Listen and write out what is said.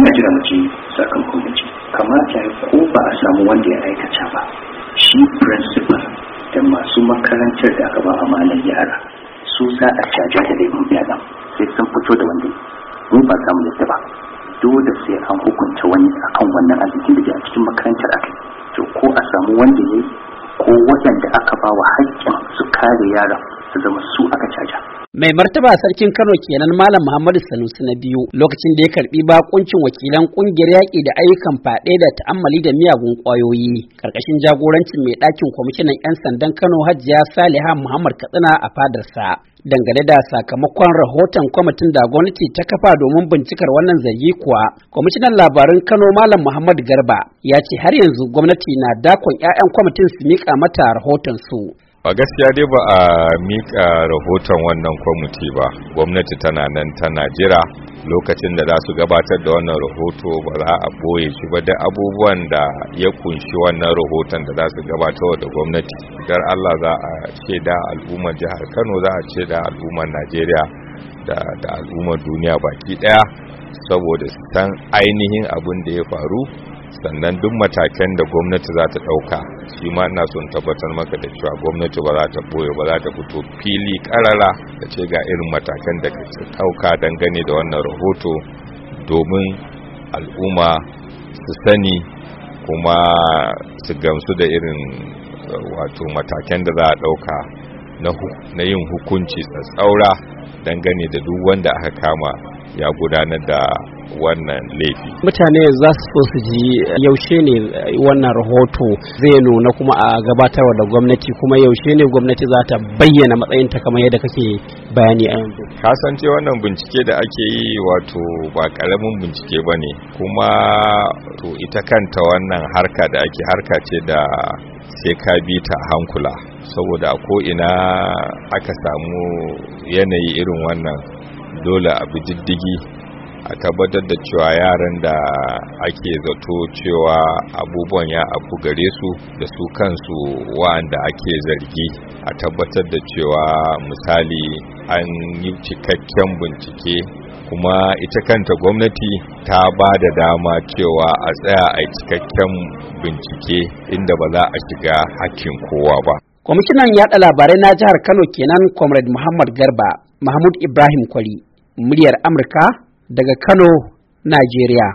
muna jira mu sakamakon mu kamar ta yi ko ba a samu wanda ya aikata ba shi principal da masu makarantar da aka ba amanar yara su za a caja da laifin fyaɗa sai sun fito da wanda mu ba samu yadda ba dole sai an hukunta wani akan wannan arzikin da ke a cikin makarantar aka to ko a samu wanda ya ko waɗanda aka ba wa haƙƙin su kare yaran su zama su mai martaba sarkin kano kenan malam muhammadu sanusi na biyu lokacin da ya karbi bakuncin wakilan kungiyar yaƙi da ayyukan faɗe da ta'ammali da miyagun ƙwayoyi karkashin jagorancin mai ɗakin kwamishinan 'yan sandan kano hajiya saliha muhammad katsina a fadarsa dangane da sakamakon rahoton kwamitin da gwamnati ta kafa domin bincikar wannan zargi kuwa kwamishinan labarun kano malam muhammad garba ya ce har yanzu gwamnati na dakon 'ya'yan kwamitin su miƙa mata rahoton su a gaskiya dai ba a mika rahoton wannan kwamiti ba gwamnati tana nan tana jira lokacin da za su gabatar da wannan rahoto ba za a boye shi ba da abubuwan da ya kunshi wannan rahoton da za su gabatar da gwamnati dar allah za a ce da al'ummar jihar kano za a ce da al'ummar najeriya da al'ummar duniya baki daya saboda su san ainihin abin da ya faru sannan duk matakan da gwamnati za ta ɗauka shi ma ina son tabbatar maka da cewa gwamnati ba za ta boye ba za ta fito fili karara da ce ga irin matakan da ka ɗauka dangane da wannan rahoto domin al'umma su sani kuma su gamsu da irin wato matakan da za a ɗauka na yin hukunci tsatsaura dangane da duk wanda aka kama ya gudanar da wannan laifi. Mutane za su su ji yaushe ne wannan rahoto zai nuna kuma a gabatarwa da gwamnati kuma yaushe ne gwamnati za ta bayyana matsayinta kamar yadda kake bayani a yanzu. Kasance wannan bincike da ake yi wato ba karamin bincike ba ne kuma to ita kanta wannan harka da ake harka ce da sai ka bi ta hankula saboda ko ina aka samu yanayi irin wannan dole a bi diddigi a tabbatar da cewa yaran da ake zato cewa abubuwan ya abu gare su da su kansu wa'anda ake zargi a tabbatar da cewa misali an yi cikakken bincike kuma ita kanta gwamnati ta ba da dama cewa a tsaya a cikakken bincike inda ba za a shiga hakkin kowa ba kwamishinan yaɗa labarai na jihar kano kenan comrade muhammad garba Mahmud Ibrahim Kwali muryar Amurka daga Kano, Najeriya.